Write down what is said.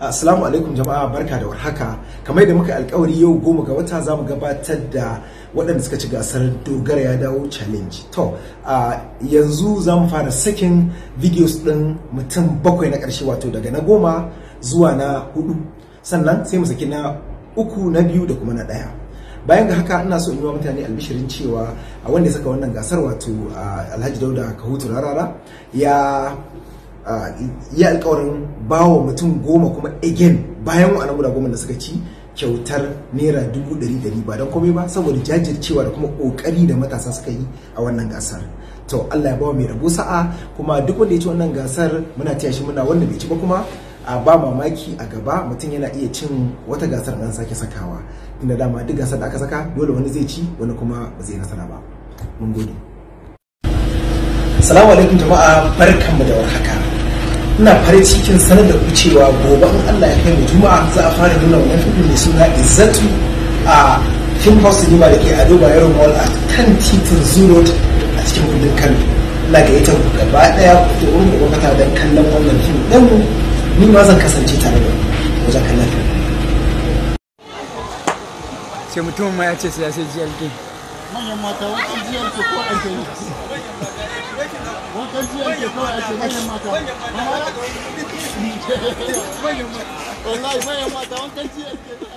Assalamu alaikum jama'a barka da warhaka. Kamar da muka alkawari yau goma ga wata zamu gabatar da waɗanda suka ci gasar dogara ya dawo challenge. To, a yanzu zamu fara sakin videos ɗin mutum bakwai na ƙarshe wato daga na goma zuwa na hudu. Sannan sai mu saki na uku na biyu da kuma na ɗaya. Bayan ga haka ina so in yi wa mutane albishirin cewa a wanda ya saka wannan gasar wato Alhaji Dauda Kahutu Rarara ya ya alkawarin bawa mutum goma kuma again bayan wa'ana guda goma da suka ci kyautar naira dubu ɗari ɗari ba don komai ba saboda jajircewa da kuma ƙoƙari da matasa suka yi a wannan gasar to Allah ya bawa mai rabo sa'a kuma duk wanda ya ci wannan gasar muna taya shi muna wanda bai ci ba kuma a ba mamaki a gaba mutum yana iya cin wata gasar nan sake sakawa inda dama duk gasar da aka saka dole wani zai ci wani kuma ba zai nasara ba mun gode salamu alaikum jama'a barkanmu da warhaka ina farin cikin sanar da ku cewa gobe in Allah ya kai mu juma'a za a fara nuna wannan fim mai suna izzatu a film house cinema da ke ado bayero mall a kan titin zuro a cikin kudin kano ina ga ita gaba daya ku domin gobe fata don kallon wannan fim ɗan mu ni ma zan kasance tare da wajen kallon fim. sai mutumin ma ya ce sai ya sai ke. Manyan mata wata GLK ko ake yi. On te On on te on